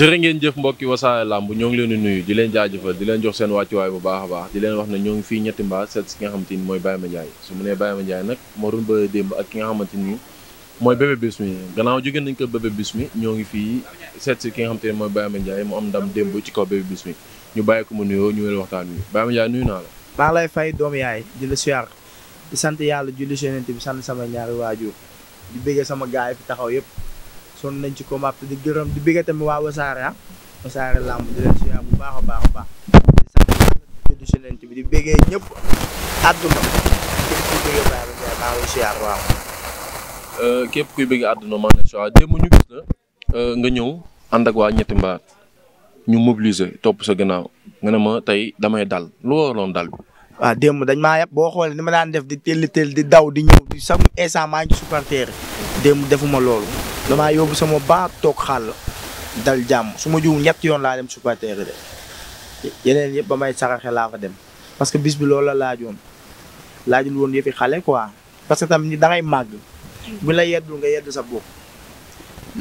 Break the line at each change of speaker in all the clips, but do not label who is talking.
jërë ngeen jëf mbokki wasaare làmb ñoo ngi leen di nuyu di leen jaajëfal di leen jox seen wàccuwaay bu baax a baax di leen wax ne ñoo ngi fii ñetti mbaa seet si ki nga xamante ni mooy Baye Mandiaye su mu nee Baye Mandiaye nag moo doon bëre démb ak ki nga xamante ni mooy bébé bismi nañ ko bébé bismi ñoo ngi fii seet si ki nga xamante ni am ndam démb ci kaw bébé bismi ñu bàyyi ko mu nuyoo ñu wél waxtaan wi
Baye Mandiaye nuyu naa la maa lay fay doom yaay di la siyaar di sant yàlla julli Yonent bi sant sama ñaari waajur di bëggee sama gaay fi taxaw yëpp son nañ ci combat te di gërëm di bëgg tamit waa wasaare ah wasaare làmb di leen suyaa bu baax a baax a baax di sant di képp kuy bëggee Baye euh, Mandiaye
maa ngi suyaa démb ñu gis la euh, nga ñëw ànd ak waa ñetti mbaat ñu mobiliser topp sa gannaaw nga ne ma tey damay dal lu waraloon dal
bi. waaw démb dañ ma yab boo xoolee ni ma daan def di teel teel di daw di ñëw di sax instant maa ngi supporter démb defuma loolu. damaa yóbbu sama baar toog xàll dal jàmm su ma juum ñett yoon laa dem supporter de yeneen yëpp ba may saraxe laa fa dem parce que bis bi loolu la laajoon laajul woon yëfi xale quoi parce que tamit nii ngay màgg bu la yeddul nga yedd sa bopp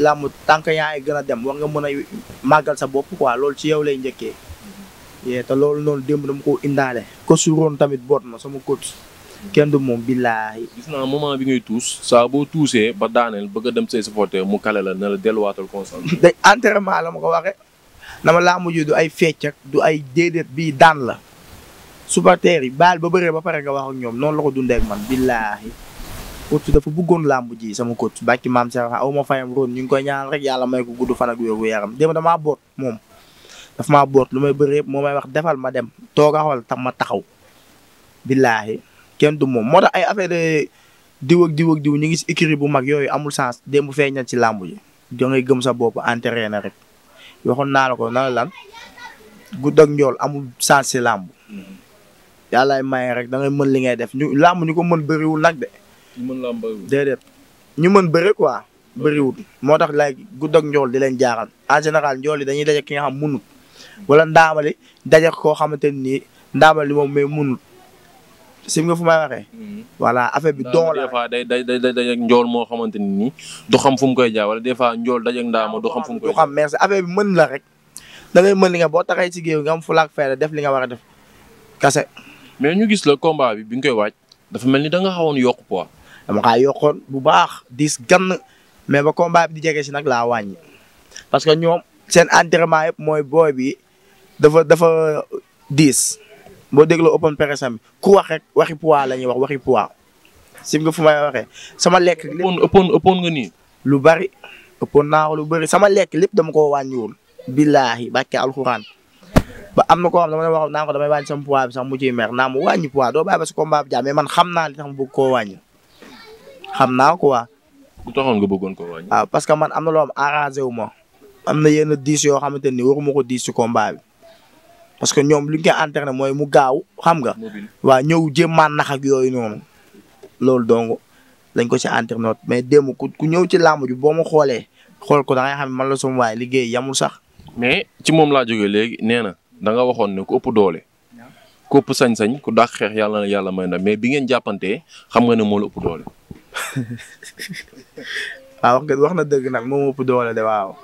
làmb tànk yaa ngi gën a dem war nga mën a màggal sa bopp quoi loolu ci yow lay njëkkee mm-hmm. te loolu noonu démb dama ko indaale ko su tamit boot na sama kot kenn du moom billaahi.
gis naa bi ngay tuus saa boo tuusee ba daaneel bëgg a dem say supporter mu kale la ne la delluwaatal constat.
day entraînement la ma ko waxee dama laa mujj du ay fecc du ay déedéet bii daan la supporter yi baal ba bëree ba pare nga wax ñoom noonu la ko dundee ak man billaahi. coach dafa bëggoon làmb ji sama kot bàcc maam Cheikh aw ma fayam roon ñu ngi koy ñaanal rek yàlla may ko gudd fan ak wér gu yaram démb damaa boot moom dafa ma boot lu may bëri moo may wax defal ma dem toog a ma taxaw kenn du moom moo tax ay affaire diw ak diw ak diw ñu ngi si écurie bu mag yooyu amul sens démb feeñal ci làmb ji da ngay gëm sa bopp na rek waxoon naa ko na lan gudd ak njool amul sens si làmb yàllaay maye rek dangay mën li ngay def ñu làmb ñu ko mën bëriwul nag de. ñu mën làmb bëriwul ñu mën bëri quoi. bëriwul moo tax lay gudd ak njool di leen jaaxal en général njool yi dañuy daje ki nga xam munut wala ndaamali daje koo xamante ni moom mais munut. sim nga fu may waxee. Mhm. voilà affaire bi doon
la des day day day njool moo xamante ni nii du xam fu mu koy jaay wala des fois njool dajeeg ndaama du xam fu mu koy. du
xam merci affaire bi rek da mën li nga boo taxee ci géew nga am fulaak fayda def li nga war a def kase. mais ñu gis la combat bi bi nga koy waaj dafa mel ni da nga xawoon yokk poids. dama kaa yokkoon bu baax diis gann mais ba combat bi di jege si nag laa wàññi parce que ñoom seen entraînement yëpp mooy booy bi dafa dafa diis. boo dégloo open presse am ku wax rek waxi poids la ñuy wax waxi poids sim nga fu may waxee sama lekk. ëppoon ëppoon ëppoon nga nii. lu bari ëppoon naa lu bari sama lekk lépp dama koo wàññiwul. billaahi barke alxuraan ba am na koo xam dama wax naa ko damay wàññi sama poids bi sax mu ciy naa mu wàññi poids doo bàyyi ba sa combat bi jàmm mais man xam naa li tax ma bëgg ko wàññi xam naa ko lu taxoon nga bëggoon koo wàññi. Ah, parce que man am na loo xam arrangé ma. am na yenn diis yoo xamante ni waruma ko diis ci bi. parce que ñoom li ñu koy entraîné mooy mu gaaw xam nga. waa ñëw jéem a nax ak yooyu noonu. loolu dong lañ ko ci entraîné mais démb ku ñëw ci làmb ji boo ma xoolee xool ko da xam ne man la sama waay liggéey yamul sax.
mais ci moom laa jógee léegi nee na da nga waxoon ne ku ëpp doole. ku ëpp sañ-sañ ku dàq xeex yàlla na yàlla may na mais bi ngeen jàppantee xam nga ne moo la ëpp doole.
wax na dëgg nag moom ëpp doole de waaw.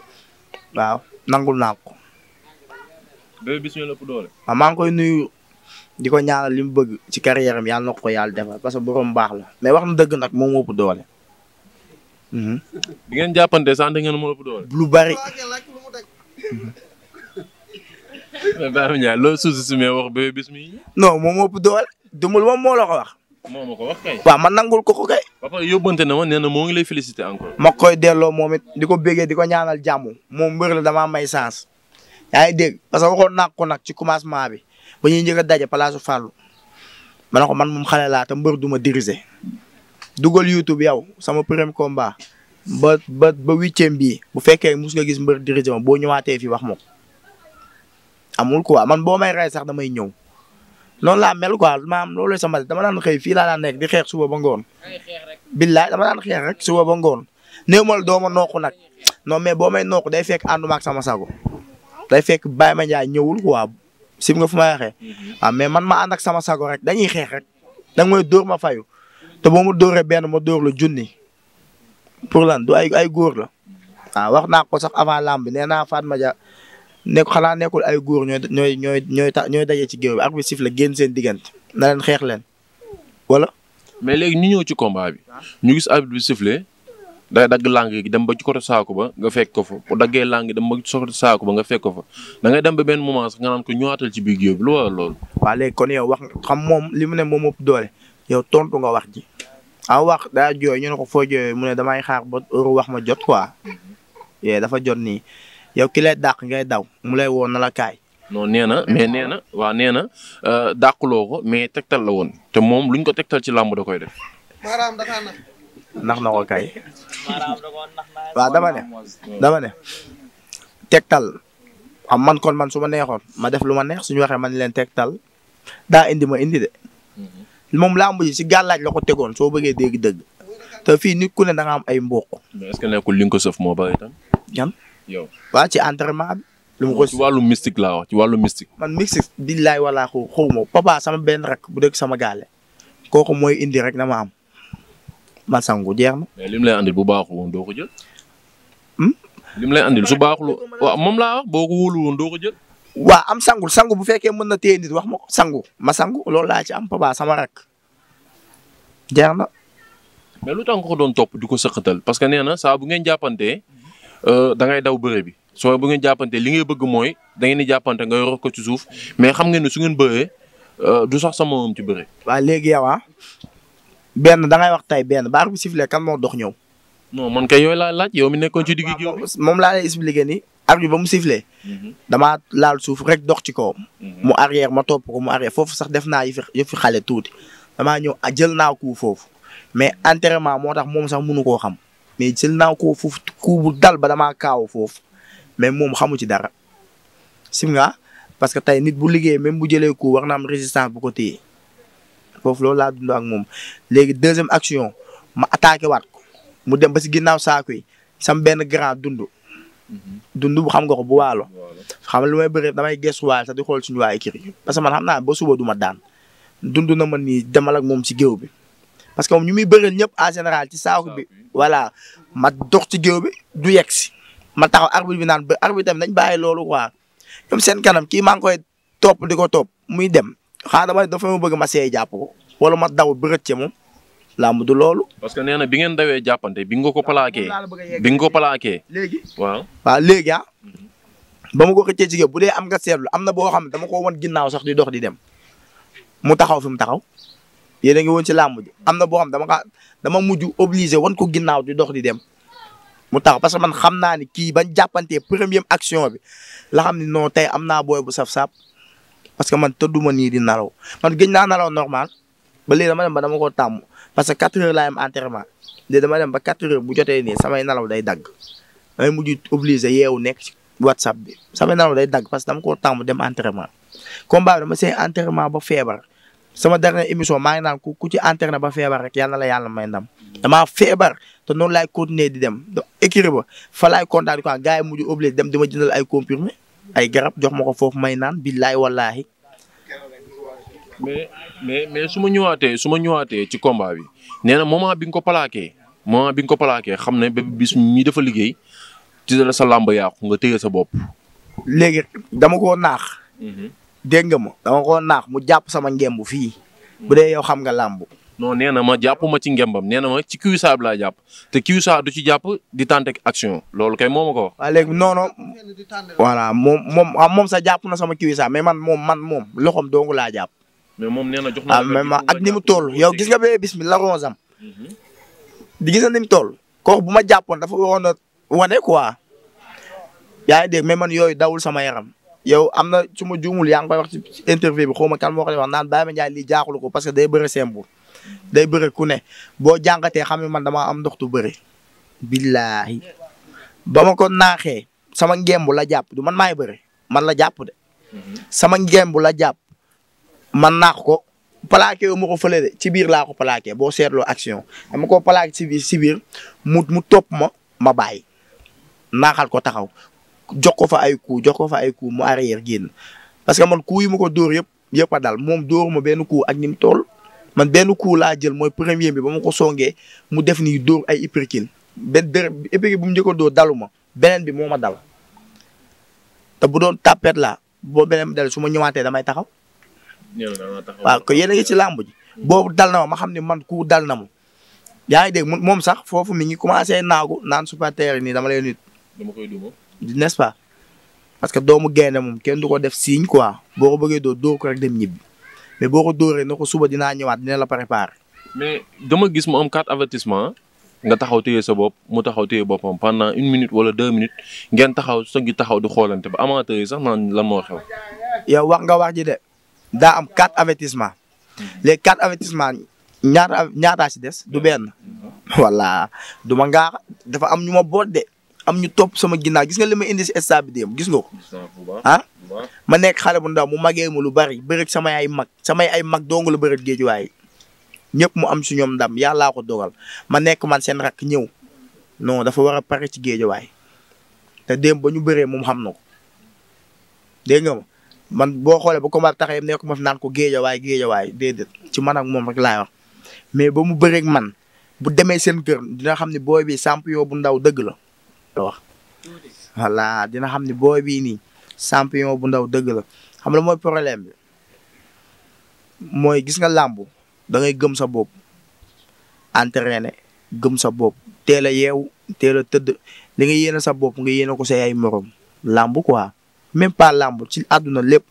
waaw nangul naa ko.
Bébé Bismi la ëpp
ah, maa ngi koy nuyu di ko ñaanal li mu bëgg ci carrière am yàlla na ko yàlla defal parce que borom baax la mais wax na dëgg nag moom moo ëpp doole.
bi mhm. sant ngeen moo ëpp doole. lu bari. mais Baye Mandiaye mais wax Bismi.
non moom moo ëpp doole dumul moo la ko wax.
moo ma ko wax kay.
waaw man nangul ko ko kay.
ba pare yóbbante
moo ngi lay féliciter encore. ma koy delloo moom di ko bégee di ko ñaanal jàmm moom mbari la damaa may chance. yaa ngi dégg parce que waxoon nag ci commencement bi ba ñuy njëkk a daje palaaso Fallou ma ne ko man moom xale laa te mbër du ma diriger. dugal YouTube yow sama premier combat ba ba ba huitième bii bu fekkee mus nga gis mbër diriger ma boo ñëwaatee fii wax ma ko amul ko man boo may rey sax damay ñëw. noonu laa mel quoi maam loolu sama dama daan xëy fii laa daan nekk di xeex suba ba ngoon. billaay dama daan xeex rek suba ba ngoon néew ma la doo ma nooku nag non mais boo may nooku day fekk ànduma ak sama sago. day fekk Baye Mandiaye ñëwul quoi sim nga fu may waxee. Mhm. ah mais man ma ànd ak sama sago rek dañuy xeex rek da nga dóor ma fayu te boo ma dóoree benn ma dóor la junni pour lan du ay ay góor la. ah wax naa ko sax avant lamb bi nee naa Fatma Dia nekk xanaa nekkul ay góor ñooy ñooy ñooy ñooy ta ñooy daje ci géew bi arbitre siffle la génn seen diggante na leen xeex leen
wala. mais léegi ñu ñëw ci combat bi ah. ñu gis arbitre bi siffle day dagg lang gi dem ba ci côté saako ba nga fekk ko fa bu daggee lang dem ba saako ba nga fekk ko fa dem ba benn moment sax nga naan ko ñëwaatal ci biir géew bi lu waral loolu.
waaw léegi kon yow wax xam moom li mu ne moom ëpp doole yow tontu nga wax ji a ah, wax daa jooy ñu ne ko foo jooyee mu ne damay xaar ba wax ma jot quoi yee dafa jot nii yow ki lay dàq ngay daw mu lay woon na la kaay.
non nee na mais nee na waa nee na euh, dàquloo ko mais tegtal la woon te moom luñ ko tegtal ci làmb da koy def. nax na ko
kay waaw dama ne dama ne tegtal am man kon man su ma neexoon ma def lu ma neex suñu waxee man leen tegtal daa indi ma indi de mhm. moom làmb ji si gàllaaj la ko tegoon soo bëggee dégg dëgg te fi nikku ku ne da am ay mbokk.
mais est-ce li ko sëf moo bëri tam. yan yow
waa ci entre bi.
lu ma si ci wàllu mystique laa wax ci wàllu mystique.
man mystique billaay wala xaw ma sama benn rek bu dëkk sama gaale kooku mooy indi rek na ma am. ma sangu jeex na.
mais lim lay andil bu baaxul woon doo ko jël. Hmm? lim lay andil su baaxul waaw moom laa wax
boo ko wóolu woon doo ko waa am sangul sangu bu fekkee mën na téye nit wax ma sangu ma sangu loolu laa ci am papa sama rak jeex na. mais lu tax nga doon topp
di ko sëqatal parce que nee na saa bu ngeen jàppante euh, da ngay daw bëre bi soo bu ngeen jàppante li ngay bëgg mooy dangeen ngeen di jàppante nga yor ko ci suuf mais xam ngeen ne su ngeen bëree euh, du sax sama
moom ci bëre. waa léegi ah. benn da ngay wax tey benn ba arbitre bi sifflé kan moo dox ñëw. non man kay yooyu laa laaj yow mi nekkoon ci digg ah, géew moom laa lay expliqué ni arbitre ba mu sifflé. Mhm. damaa laal suuf rek dox ci kawam. Mhm. mu arrière ma topp ko mu arrière foofu sax def naa yëf fi xale tuuti damaa ñëw ah, jël naa ko foofu mais entraînement moo tax moom sax mënu koo xam mais jël naa ko foofu ku bu dal ba damaa kaaw foofu mais moom xamu ci dara sim nga parce que tey nit bu liggéey même bu jëlee ko war na am résistance bu ko téye. foofu loolu laa dund ak moom léegi deuxième action ma attaqué waat ko mu dem ba si ginnaaw saako yi sam benn grand dund. Mhm. dund bu xam nga ko bu waalo. xam nga lu may bëri damay gëstu waay sax di xool suñu waa écrit parce que man naa ba suba du daan dund na ma nii demal ak moom si géew bi. parce que moom ñu muy bëreel ñëpp en général ci saaku bi voilà ma dox ci géew bi du yegg si ma taxaw arbitre bi naan ba bi tamit nañ bàyyi loolu quoi ñoom seen kanam ki maa ngi koy topp di ko topp muy dem. xaa damay dafa ma bëgg ma seey jàpp ko wala ma daw bërët ci moom làmb du loolu.
parce que nee na bi ngeen dawee jàppante
bi nga ko plaqué bi nga ko plaqué. léegi waaw waaw léegi ah. Mhm. ba ma ko xëccee jigéen bu dee am nga seetlu am na boo xam ne dama ko wan ginnaaw sax di dox di dem mu taxaw fi mu taxaw yéen a ngi woon ci làmb ji am na boo xam dama ka dama mujj obligé wan ko ginnaaw di dox di dem mu taxaw parce que man xam naa ni kii bañ jàppante première action bi la xam ne non tey am naa booy bu saf-saaf parce que man tëdduma nii di nalaw man gëj naa nalaw normal ba léegi dama dem ko tàmm parce que quatre heures laay am entraînement léegi dama dem ba quatre heures bu jotee nii samay nalaw day dagg damay mujj obligé yeewu nekk ci whatsapp bi samay nalaw day dagg parce que dama koo tàmm dem entraînement combat bi dama see entraînement ba feebar sama dernière émission maa ngi naan ku ba feebar rek yal na la yàlla may ndam damaa feebar te noonu laay continuer di dem donc écrire ba fa laay kontaan quoi gars yi mujj obligé dem ay comprimés ay garab jox ma ko foofu may naan billaay wallaahi.
mais mais mais su ma ñëwaatee su ma ñëwaatee ci combat bi nee na moment bi nga ko plaqué moment bi nga ko plaqué xam ne bi Bis dafa liggéey ci la sa làmb yàqu nga téye sa bopp.
léegi dama ko naax. Mhm. dégg nga ma dama koo naax mu jàpp sama ngemb fii. bu dee yow xam nga làmb.
non nee na ma jàppuma ci ngembam nee na ma ci kiwisaab laa jàpp te kiwisaab du ci jàpp di tànn ak action loolu kay moo ma ko wax.
waaw léegi non non voilà moom moom ah, moom sax jàpp na sama kiwisaab mais man moom man moom loxoom dong laa jàpp. mais moom nee na jox na ah, ak ni mu toll yow gis nga bee bismillah rosam. di mhm. gis nga ni mu bu ma jàppoon dafa waroon a wane quoi. yaa ngi dégg mais man yooyu dawul sama yaram. yow am na su ma juumul yaa ngi koy wax ci interview bi xaw ma kan moo koy wax naan Baye Mandiaye lii jaaxul ko parce que day bëre simple day bëre ku ne boo jàngatee xam ne man dama am ndoxtu bëre. billaahi ba ma ko naaxee sama ngemb la jàpp du man maay bëre man la jàpp de. sama ngemb la jàpp man naax ko plaqué wu ma ko fële de ci biir laa ko palaake boo seetloo action dama ko plaqué ci biir ci biir mu mu topp ma ma bàyyi naaxal ko taxaw jox ko fa ay coup jox ko fa ay coup mu arrière génn parce que man ku yi ma ko door yëpp yëpp a dal moom dóoruma benn coup ak ni mu toll. man benn coup laa jël mooy premier bi ba ma ko songee mu def nii dóor ay uppercut benn dër uppercut bu mu njëkkoon doo dalu ma beneen bi moo ma dal te bu doon tapet laa boo beneen bi dal su ma ñëwaatee damay taxaw. waaw ko yéen a ngi ci làmb ji. boobu dal na ma ma xam ne man ku dal na ma. yaa ngi dégg moom sax foofu mi ngi commencé naagu naan supporter nii dama lay nit. dama parce que doomu gaynde moom kenn du ko def siiñ quoi boo ko bëggee doo dóor ko rek dem ñibbi. mais boo ko dooree na ko suba dinaa ñëwaat dina la préparer.
mais dama gis mu am quatre avertissement nga taxaw téye sa bopp mu taxaw téye boppam pendant une minute wala deux minutes ngeen taxaw sa ngi taxaw di xoolante ba
amateur yi sax na lan moo xew. yow wax nga wax ji de daa am quatre avertissement les quatre avertissement ñaata ñaataa si des du benn. walla du ma ngaax dafa am ñu ma boot de am ñu top sama ginnaaw gis nga li ma indi si stade bi gis nga ma nekk xale bu ndaw mu magee mu lu bari bëreeg samay ay mag samay ay mag dong la bari géejuwaay ñëpp mu am si ñoom ndam yàllaa ko dogal ma nekk man seen rakk ñëw non dafa war a pare ci géejuwaay te démb ba ñu bëree moom xam na ko dégg nga man boo xoolee ba combat taxee nekk ma naan ko géejawaay géejawaay déedéet ci man moom rek laay wax mais ba mu bëreeg man bu demee seen kër dina xam ni booy bi samp yoo bu ndaw dëgg la. dina xam ne booy bii nii. champion bu ndaw dëgg la xam la mooy problème bi mooy gis nga làmb da gëm sa bopp entraîner gëm sa bopp teel a yeewu teel a tëdd li nga yéene sa bopp nga yéene ko sa ay morom làmb quoi même pas làmb ci àdduna lépp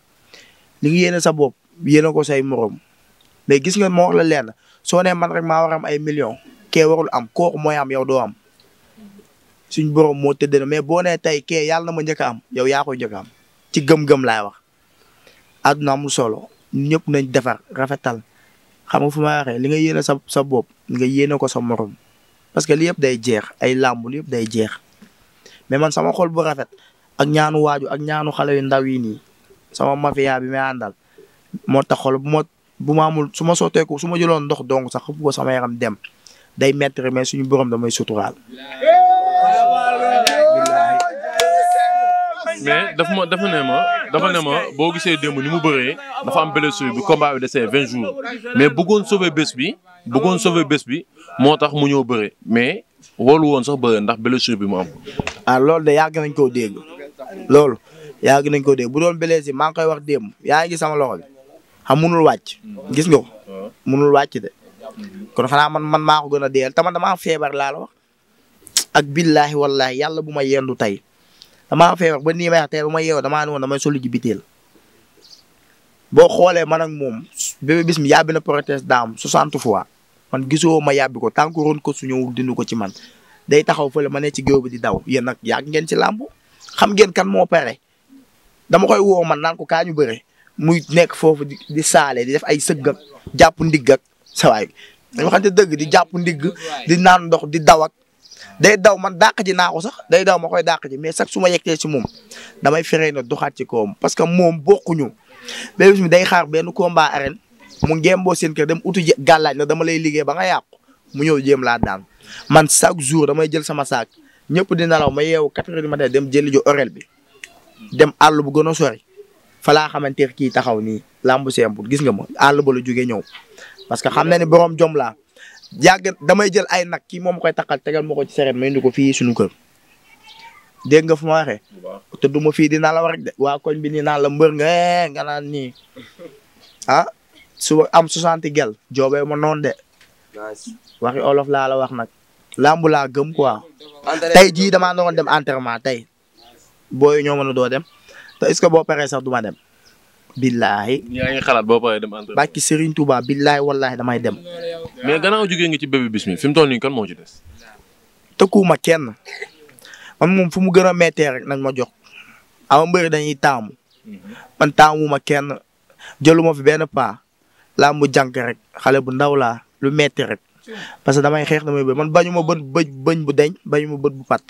li nga sa bopp yéene ko say morom mais gis nga moo wax la leen soo nee man rek maa war ay millions ke warul am kooku mooy am yow doo am suñ borom moo tëdd na mais boo nee tey ke yàlla na ma njëkk a am yow yaa koy njëkk am ci gëm-gëm laay wax àdduna amul solo ñëpp nañ defar rafetal xam nga fu ma waxee li nga yéene sa sa bopp nga yéene ko sa morom parce que li yëpp day jeex ay làmb li yëpp day jeex mais man sama xol bu rafet ak ñaanu waaju ak ñaanu xale yu ndaw yi nii sama mafia bi may àndal moo tax xol bu ma bu ma amul su ma sotteeku su ma jëloon ndox donc sax xëpp ko sama yaram dem day mettre mais suñu borom damay suturaal.
mais dafa ma dafa ne ma dafa ne ma boo gisee démb ni mu bëree dafa am blessure bi combat bi desee vingt jours mais bëggoon sauver bés bi bëggoon sauver bés bi moo tax mu ñëw bëre mais
wóolu woon sax bëre ndax blessure bi mu am. ah loolu de yàgg nañ koo dégg loolu yàgg nañ ko dégg bu doon blessé maa ngi koy wax démb yaa ngi sama loxo bi xam ah, munul wàcc. gis nga ko munul wàcc de kon xanaa man man maa ko gën a deel tama man damaa feebar laa wax ak billaahi wallahi yàlla bu ma yendu tey. damaa feebar ba nii may wax ah, tey ma yeew damaa ne woon damay solu ji biteel boo xoolee man ak moom Bébé Bismi yàbbi na protest daam 60 fois man gisoo ma yàbbi ko tant que ron ko su di dindi ko ci man day taxaw fale ma ne ci géew bi di daw yéen nag yàgg ngeen ci làmb xam ngeen kan moo pare dama koy woo man naan ko kaa ñu bëre muy nekk foofu di di saale di def ay sëgg ak jàpp ndigg ak sa waay dëgg di jàpp ndigg di naan ndox di daw day daw man dàq ji naa ko sax day daw ma koy dàq ji mais sax su ma yeggee ci moom damay fexe na doxaat ci kawam parce que moom bokkuñu Bébé Bismi day xaar benn combat arène mu ngemboo seen kër dem uti gàllaaj na dama lay liggéey ba nga yàqu mu ñëw jéem laa daan man chaque jour damay jël sama saak ñëpp di nelaw ma yeewu quatre heures du matin dem jël ju orel bi dem àll bu gën a sori fa laa xamante kii taxaw nii làmb simple gis nga ma àll ba la jógee ñëw parce que xam na ni borom jom laa yàgg damay jël ay nag kii moom ma koy takkal tegal ma ko ci seret may indi ko fii suñu kër nga fu ma waxee. te du ma fii dinaa la war de. waa koñ bi ni naan la mbër nga eh, nga naan nii ah su am 60 gel joobee ma noon de. waxi olof laa la wax nag. làmb laa gëm quoi. tey jii damaa doon dem entraînement tey. booy ñoo mën a doo dem te est ce que boo paree sax du ma dem. billaahi. yaa ngi xalaat
boo paree dem entraînement. barki
Serigne Touba billaahi wallaahi damay dem.
mais ganaa jógee ngi ci Bébé Bismi fi mu toll nii kan moo ci des.
ma kenn man moom fu mu gën a méttee rek nañ ma jox ama mbëri dañuy taamu man ma kenn jëluma fi benn paa laa mu jànk rek xale bu ndaw laa lu metti rek parce que damay xeex damay bëri man bañu ma bët bëñ bu deñ bañu bët bu pat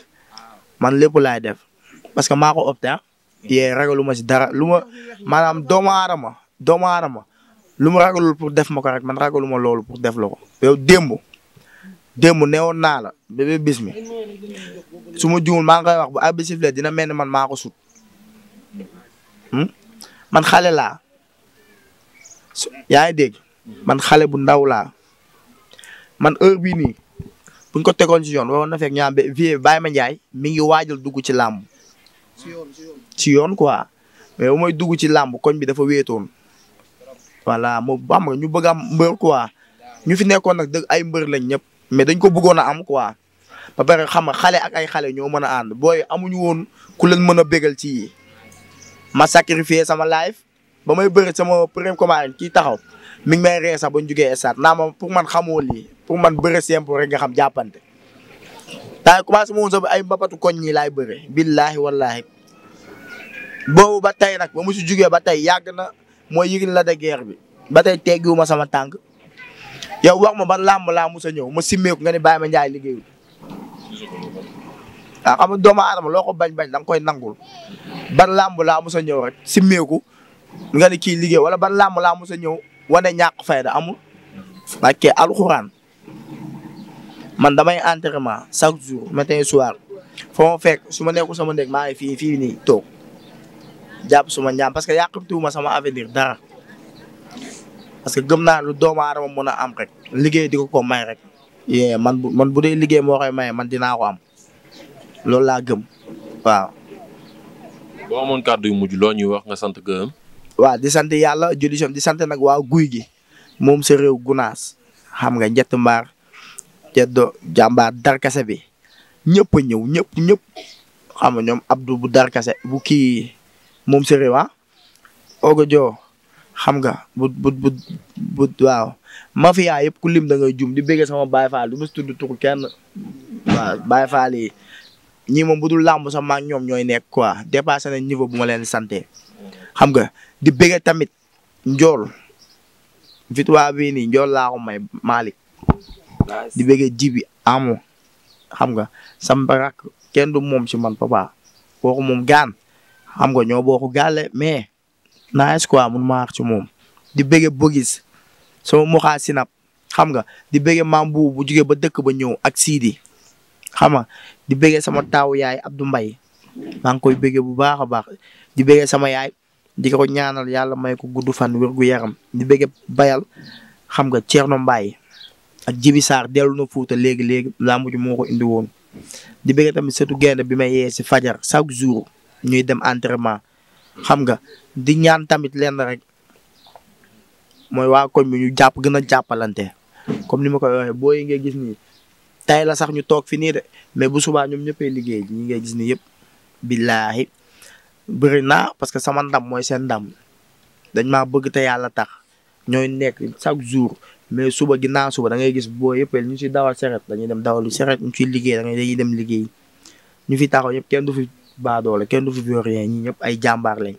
man lépp laay def parce que maa yee ragalu ma si dara lu ma maanaam doomu aadama doomu aadama lu mu ragalul pour def ma ko rek man ragaluma loolu pour def la ko. yow démb démb neewoon naa la Bébé Bismi su ma juumul maa ngi koy wax bu arbitre sifflé dina mel ni man maa ko sut hmm? man xale laa yaa ngi dégg man xale bu ndaw laa man heure bii nii buñ ko tegoon ci yoon waroon na fekk ñaam ba vie Baye Mandiaye mi ngi waajal dugg ci làmb ci yoon quoi mais bu may dugg ci làmb koñ bi dafa wéetoon voilà moom xam nga ñu bëgg am mbër quoi ñu fi nekkoon nag dëgg ay mbër lañ ñëpp mais dañ ko buggoon a am quoi ba pare xam nga xale ak ay xale ñoo mën a ànd booy amuñu woon ku leen mën a bégal ci ma sacrifié sama life ba may bëri sama premier commande kii taxaw mi ngi may ree sax ba ñu jugee naa ma pour man xamoo lii pour man bëre simple rek nga xam jàppante. daa commencé ma woon sax ay mbapatu koñ ñi laay bëre billahi wallahi boobu ba tey nag ba mu si jugee ba tey yàgg na mooy yëgil la de bi ba tey ma sama tànk yow wax ma ban làmb laa mus a ñëw ma simmeeku nga ne Baye ma liggéeyul. waaw xam nga doomu aadama looko bañ-bañ da nga koy nangul ban làmb laa mus a ñëw rek simmeeku nga ne kii liggéey wala ban làmb laa mus a ñëw wane ñàkk fayda amul. bakkee alxuraan man damay entraînement chaque jour matin soir fa ma fekk su ma nekkul sama ndeg maa fii fii nii toog. jàpp suma ñaam parce que yàqamtuwuma sama avenir dara parce que gëm naa lu doomu aadama mën a am rek liggéey di ko ko may rek. yee man bu man bu dee liggéey moo koy maye man dinaa am loolu laa gëm waaw.
boo amoon kàddu yu mujj loo ñuy wax nga sant gërëm.
waaw di sant yàlla julli di sant nag waa guy gi moom sa réew gunaas xam nga njett mbaar jeddo jàmbaar darkase bi ñëpp ñëw ñëpp ñëpp xam ñoom Abdou bu darkase bu kii. moom séeréer ah Ogo joo xam nga bu bu bu bu waaw yëpp ku lim da ngay jum di bëggee sama Baye Fall du ma si tudd tur kenn waaw Baye yi ñii moom bu dul làmb sax ma ñoom ñooy nekk quoi dépassé na niveau bu ma leen santé xam nga di bëggee tamit njool victoire bii nii njool laa may Malick di bëggee jibi amoo xam nga sam barak kenn du moom si man papa kooku moom gaan xam nga ñoo bokk gàlle mais nice quoi mun maa wax ci moom. di bëgge bogis sama moxaa sinap xam nga di bëgge maam bu bu jugee ba dëkk ba ñëw ak siidi xam nga di bëgge sama taaw yaay Abdou mbay maa ngi koy bëgge bu baax a baax di bëgge sama yaay di ko ñaanal yàlla may ko gudd fan wér gu yaram di bëgge bayal xam nga Thierno mbay ak Jibi Sarr dellu na Fuuta léegi léegi laa muj moo ko indi woon di bëgge tamit sëtu gaynde bi may yee si fajar chaque jour ñuy dem entraînement xam nga di ñaan tamit lenn rek mooy waa koñ bi ñu jàpp gën a jàppalante comme ni ma koy waxee boo yi ngay gis ni tay la sax ñu toog fi nii de mais bu subaa ñoom ñëppay liggéey ñi ngay gis nii yëpp billaahi bëri naa parce que sama ndam mooy seen ndam dañ maa bëgg te yàlla tax ñooy nekk chaque jour mais suba gi ginnaaw suba da ngay gis boo yëpp ñu si dawal seret dañuy dem dawal lu seret ñu ciy liggéey da ngay dañuy dem liggéey ñu fi taxaw yëpp kenn du fi baadoole kenn du fi rien ñi ñëpp ay jàmbaar lañ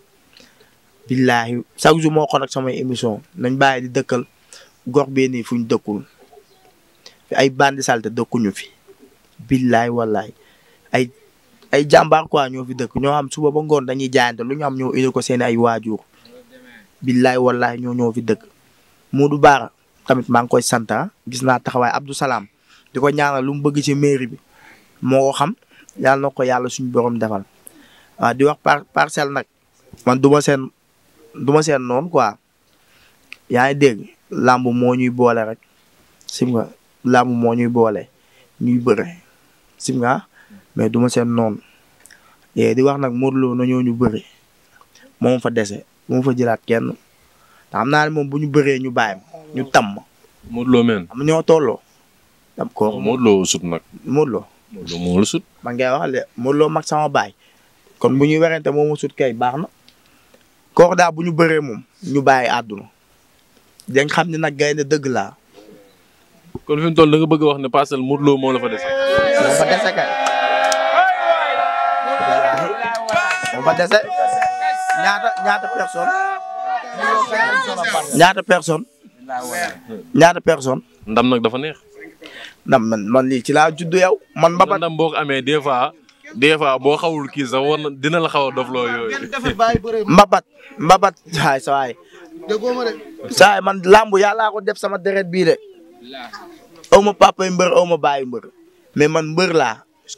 billaahi chaque jour moo xoon ak samay bàyyi di dëkkal gox bee nii fuñ dëkkul ay bandi salte dëkkuñu fi billaay wallaay ay ay jàmbaar quoi ñoo fi dëkk ñoo am suba ba ngoon dañuy jaayante lu ñu am ñoo indi ko seen ay waajur billaay wallaay ñoo ñoo fi dëkk Modou Bara tamit maa ngi koy sant ah, gis naa taxawaay abdu salaam di ko ñaanal lu mu bëgg ci mairie bi moo xam yàlla na ko yàlla suñu borom defal waaw ah, di wax par parcelle nag man du ma seen duma seen noonu quoi yaa ngi dégg làmb moo ñuy boole rek sim nga làmb moo ñuy boole ñuy bëre sim nga mais duma ma seen noonu eh, di wax nag Modou Lo na ñoo ñu bëri moom fa dese moom fa jëlaat kenn te xam naa moom bu ñu bëree ñu bàyyi ñu tam. Modou Lo men am ñoo tolloo. d' accord Modou Lo sut nag Modou Lo Modou Lo moo la sut. man wax de Modou Lo mag sama baay. kon bu ñuy werante moom ma sut kay baax na. kooku daal bu ñu bëree moom ñu bàyyi àdduna. dañ xam ne nag gaynde dëgg laa. kon fi mu toll da nga wax ne parcelle Modou Lo moo la fa dese. moo fa dese kay. moo fa dese ñaata ñaata personne. ñaata personne. ñaata personne. ndax man man lii ci laa juddu yow. man mbapat ndam boo
amee des fois des fois boo xawul kii sax war na dina la xaw a dof loo yooyu.
mbapat mbapat saay saay saay man làmb yàllaa ko def sama deret bii de. aw ma papa yu mbër aw ma baayu mbër mais man mbër laa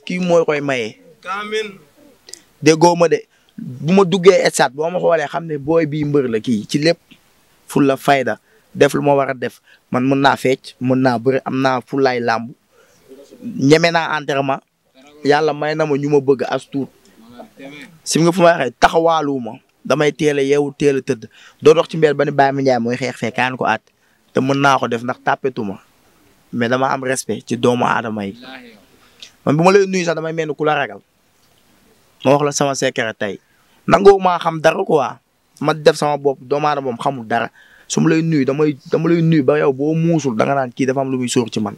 kii mooy koy maye. déggoo ma de bu ma duggee stade boo ma xoolee xam ne booy bii mbër la kii ci lépp ful la fayda. def lu ma war a def man mun naa fecc mun naa bëri am naa fulaay làmb ñeme naa entraînement yàlla may na ma ñu ma bëgg as tuut sim nga fu ma waxee taxawaaluwuma damay teel a yeewu teel a tëdd doo ci mbir ba ni Baye Mandiaye mooy xeex fee kaan ko at te mën naa ko def ndax tàppetuma mais dama am respect ci doomu aadama yi man bu ma lay nuyu sax damay mel ni ku la ragal ma wax la sama secret tey nanguwuma xam dara quoi ma def sama bopp doomu aadama moom xamul dara suma ma lay nuyu damay dama lay nuyu ba yaw boo muusul da naan kii dafa am lu muy sóor ci man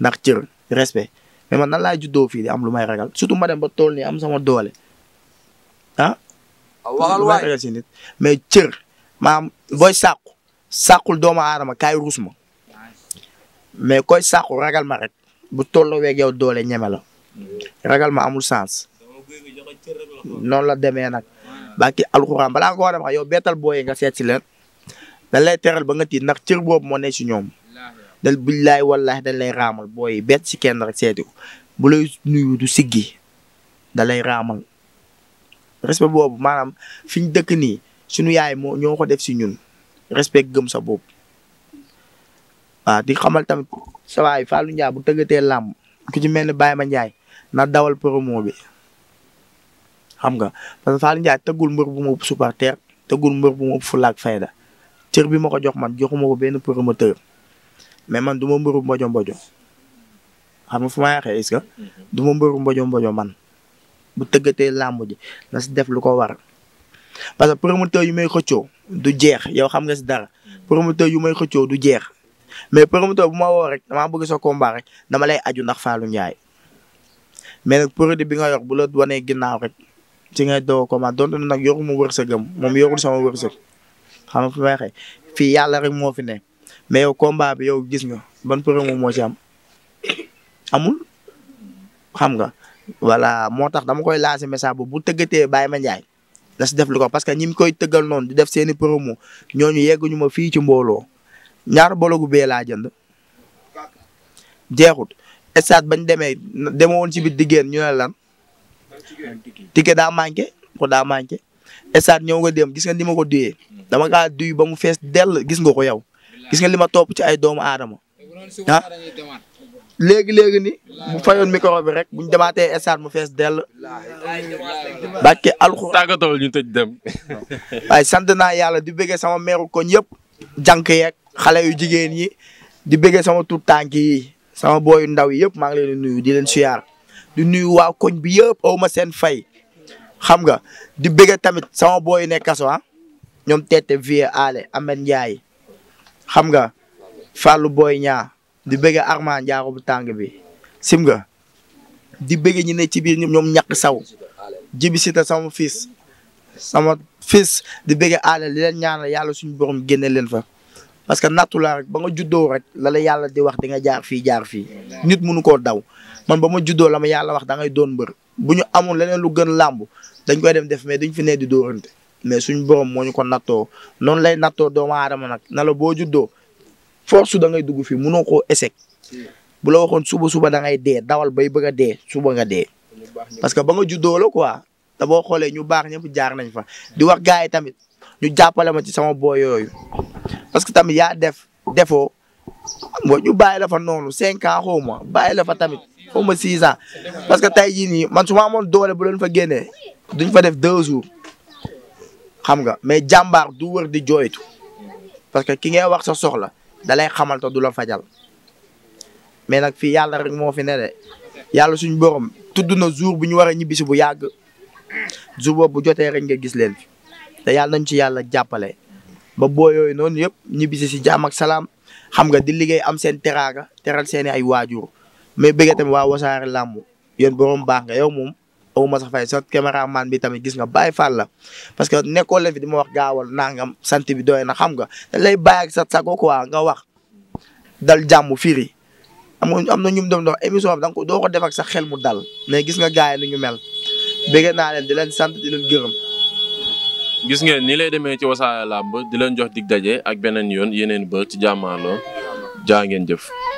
ndax cër respect mais man nan laay juddoo fii am lu may ragal surtout ma dem ba tol nii am sama doole ah. ah waxal waay ragal mais cër booy sàqu sàqul doomu aadama kaay ruus ma mais koy sàqu ragal ma rek bu tolloo weeg yow doole ñeme la ragal ma amul sens. noonu la demee nag. ba ki alxuraan balaa nga ko war a wax beetal booy nga seet si dañ teral ba nga tiit ndax cër boobu moo ne si ñoom dal billaay wallaay dañ lay raamal booy bet si kenn rek seetiw bu lay nuyu du siggi da raamal respect boobu maanaam fi ñu dëkk nii suñu yaay moo ñoo ko def si ñun respect gëm sa bopp waaw di xamal tamit sa waay Fallou Ndiaye bu tëggatee làmb ku ci mel ni Baye Ma Ndiaye na dawal promo bi xam nga parce que Fallou Ndiaye tëggul mbër bu ma ëpp tëggul mbër bu ma ëpp fulla ak cër bi ma ko jox man joxuma ko benn promoteur mais man du ma mbëru mbojo mbojo xam nga ma waxee est ma mbëru mbojo mbojo man bu tëggatee làmb ji na si def lu ko war parce que promoteur yu may xëcco du jeex yow xam nga si dara promoteur yu may xëccoo du jeex mais promoteur bu ma woo rek damaa bëgg sa combat rek dama lay aju ndax Fallou Ndiaye mais nag produit bi nga yor bu la wanee ginnaaw rek ci ngay doo ko ma donte nag yoruma wërsëgam moom yorul sama wërsëg xam nga fi may waxee fii yàlla rek moo fi ne mais yow combat bi yow gis nga ban problème moo ci am amul xam nga. voilà moo tax dama koy lancé message bu bu tëggatee Baye Mandiaye na si def lu ko parce que ñi mu koy tëggal noonu di def seen i promo ñooñu yegguñu ma fii ci mbooloo ñaar bologu bee laa jënd jeexut stade bañ demee demewoon ci biir diggéen ñu ne lan daa manqué ko daa estaat ñëw nga dem gis nga ni ma ko duyee dama kaa duy ba mu fees dell gis nga ko yow gis nga li ma topp ci ay doomu aadama ah. léegi léegi ni bu fayoon micro bi rek buñ demaatee estaat mu fees dell. bàkke alxuraan
tàggatoo ñu tëj dem.
waaye sant naa yàlla di bëggee sama meeru koñ yëpp jànk yeeg xale yu jigéen yi di bëggee sama tuut tànk yi sama booyu ndaw yi yëpp maa ngi leen di nuyu di leen siyaar di nuyu waa koñ bi yëpp aw ma seen fay. xam nga di bëgg tamit sama booy nekk kaso ah ñoom Tete Vieux Ale Amed Ndiaye xam nga Fallou Boy ñaa di bëgg Armand Ndiago bu tàng bi sim nga di bëgg ñi ne ci biir ñoom ñàkk saw jibi si ta sama fils sama fils di bëgg Ale li leen ñaanal yàlla suñu borom génne leen fa parce que nattu la rek ba nga juddoo rek la la yàlla di wax di nga jaar fii jaar fii nit munu koo daw man ba ma juddoo la ma yàlla wax da ngay doon mbër bu ñu amoon leneen lu gën làmb dañ koy dem def mais duñ fi ne di dóorante mais suñ borom moo ñu ko nattoo noonu lay nattoo doomu aadama nag na la boo juddoo force da ngay dugg fii munoo koo échec bu la waxoon suba suba da ngay dee dawal bay bëgg a dee suba nga dee parce que ba nga juddoo la quoi da boo xoolee ñu baax ñëpp jaar nañ fa di wax gars yi tamit ñu jàppale ma ci sama boo yooyu parce que tamit yaa def defoo boo ñu bàyyi la fa noonu cinq ans xaw ma la fa tamit xaw ma six ans parce que tey jii nii man su ma amoon doole bu leen fa génnee duñ fa def deux jours xam nga mais jàmbaar du wër di jooytu parce que ki nga wax sa soxla da lay xamal te du la fajal mais nag fii yàlla rek moo fi ne de yàlla suñ borom tudd na jour bu ñu war a ñibbisi bu yàgg jour bu jotee rek nga gis leen fi te yàlla nañ ci yàlla jàppale. ba boo yooyu noonu yëpp ñibbisi si jàmm ak salaam xam nga di liggéey am seen teraanga teral seen ay waajur mais bëggee tamit waa wasaare làmb yéen borom baax nga yow moom aw ma sax fay sa caméraman bi tamit gis nga bàyyi fàll la parce que nekkoo la fi di ma wax gaawal nangam sant bi dooy na xam nga lay bàyyi ak sa sago quoi nga wax dal jàmm fiiri am am na ñu doon dox émission bi da nga ko doo ko def ak sa xel mu dal mais gis nga gaay yi nu ñu mel bëgg naa leen di leen sant di leen
gis ngeen nii lay demee ci Wassare Lamb di leen jox dig daje ak beneen yoon yeneen bër ci jàmmaarloo jaa ngeen jëf